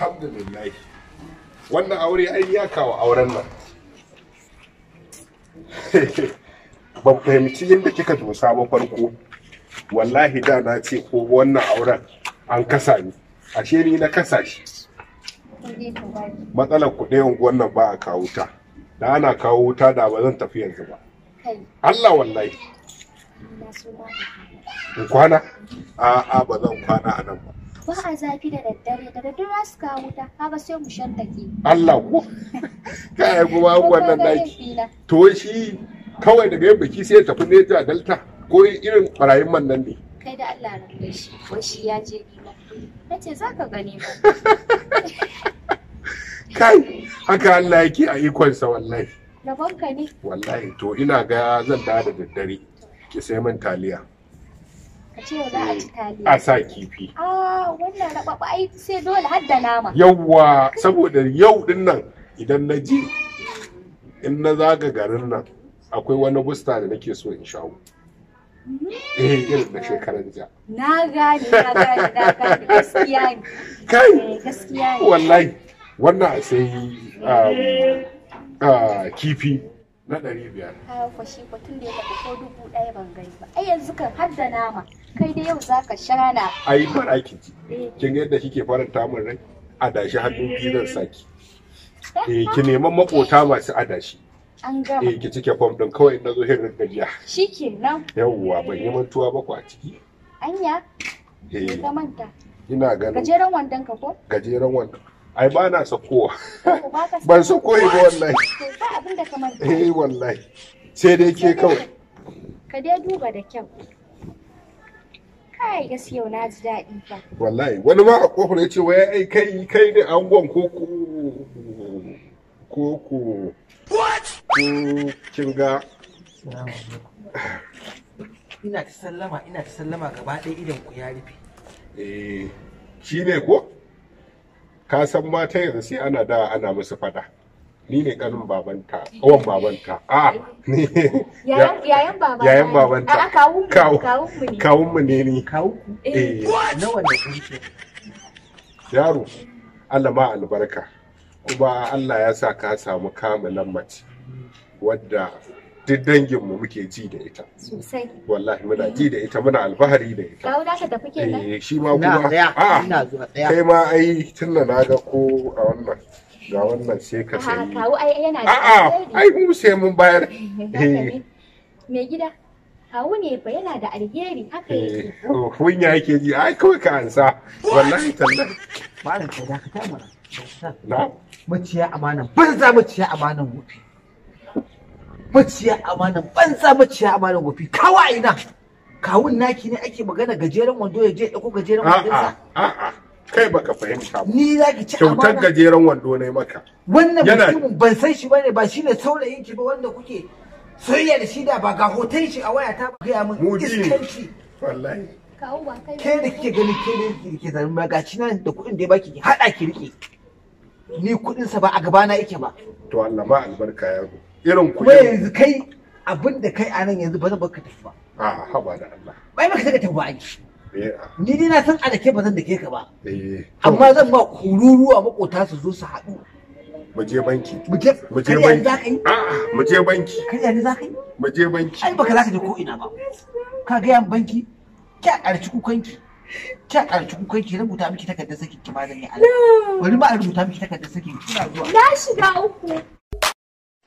alhamdulillah wannan aure ai ya kawo auren nan ban fahimci yadda kika dosa ba farko wallahi da na ce ko wannan auren an kasa ni ashe ni na kasa shi matsalar kuɗin unguwan nan ba a kawo ta da ana kawo wuta da ba zan tafi yanzu ba Allah wallahi in kwana a a ba zan kwana a nan ba ba a zafi da daddare da daddare za su kawo wuta kaga sai mu shantake Allah ko kai kuma wannan daki to shi kawai daga yin biki sai ya tafi neja delta ko irin barayin man nan ne kai da Allah rabe shi ko shi ya je Na ce za ka gani ba kai haka Allah yake a ikonsa wallahi rabonka ne wallahi to ina ga zan da daddare ki sai min taliya ka a sa kifi a yawwa saboda yau din nan idan na ji in na zaga garin nan akwai wani busta da nake so in shawo mm-hmm. eh irin na shekaran ja na gane na gane na gane gaskiya ne kai eh, gaskiya ne wallahi wannan sai um, uh, kifi na ɗari biyar. Hawa shi ko tun da ya tafi ko dubu ɗaya ban gani ba. Ai yanzu kan har da nama. Kai da yau za ka sha na. Ai fara ki ji. Eh. Kin yadda kike faranta min rai adashi hannu biyu zan saki. Eh ki neman makota masu adashi. An gama. Eh ki cike fom ɗin kawai na zo hirin gajiya. Shi ke nan. Yawwa ban yi mantuwa ba ku a ciki. Anya. Eh. Ka manta. Ina ganin. Gajeren wandon ka ko? Gajeren wandon. ai ba na sakowa ban sako ba wallahi eh wallahi sai dai ke kawai ka dai duba da kyau kai gaskiya na ji daɗi fa wallahi wani ma a kofar ya ce wai ai kai kai ne angon ko ko ko ko kinga ina ta sallama ina ta sallama gaba ɗaya idan ku ya rufe eh shi ne ko ka san mata yanzu sai ana da ana musu fada ni ne ganin babanta kawan babanta a ni yayan babanta yayan babanta a kawun mu ne ni eh, eh. na wanda yaro Allah ma albarka kuma Allah ya sa ka samu kamilan mace wadda duk danginmu muke ji da ita sosai wallahi muna mm. ji da ita muna alfahari da ita kawo da ka tafi nan. eh shi ma kuma ah, ina zuwa tsaya kai ma ai tunda na ga ko a wannan ga wannan sai ka sai kawo ai yana da A ai mu sai mun bayar eh me gida Kawo ne fa yana da alheri haka eh, yake kun ya yake ji ai kawai ka ansa wallahi tallahi malam ka da ka tamara na maciya amanan Ban za maciya amanan wuce maciya amanan banza maciya amanan gofi kawa ina kawun naki ne ake magana gajeren wando ya je ɗauko gajeren wando sa a'a kai baka fahimta ba ni za ki ci amana kyautar gajeren wando ne maka wannan mutumin ban san shi bane ba shine saurayin ki ba wanda kuke soyayya da shi da ba ga hoton shi a waya ta ba ga mun iskanci wallahi kawo ba kai ke da kike gani ke ne kike zan ba gaci nan da kuɗin da ya baki hada ki rike ni kuɗin sa ba a gaba na yake ba to Allah ma albarka yaro irin kuma yanzu kai abin da kai anan yanzu ba zan baka tafi ba a ah, haba da Allah bai baka saka tafi ba ai eh, ah. ni dai na san a dake ba zan dake ka ba eh, amma zan ba kururuwa makota su zo su haɗu mu je banki mu je banki a'a ah, mu je banki kai ne za ka yi mu je banki ai baka za ka je ko ina ba ka ga yan banki ki a ƙarci kukanki ki a ƙarci kukanki rubuta miki takardar sakin ki ma zan yi bari ma a rubuta miki takardar sakin kina zuwa na shiga uku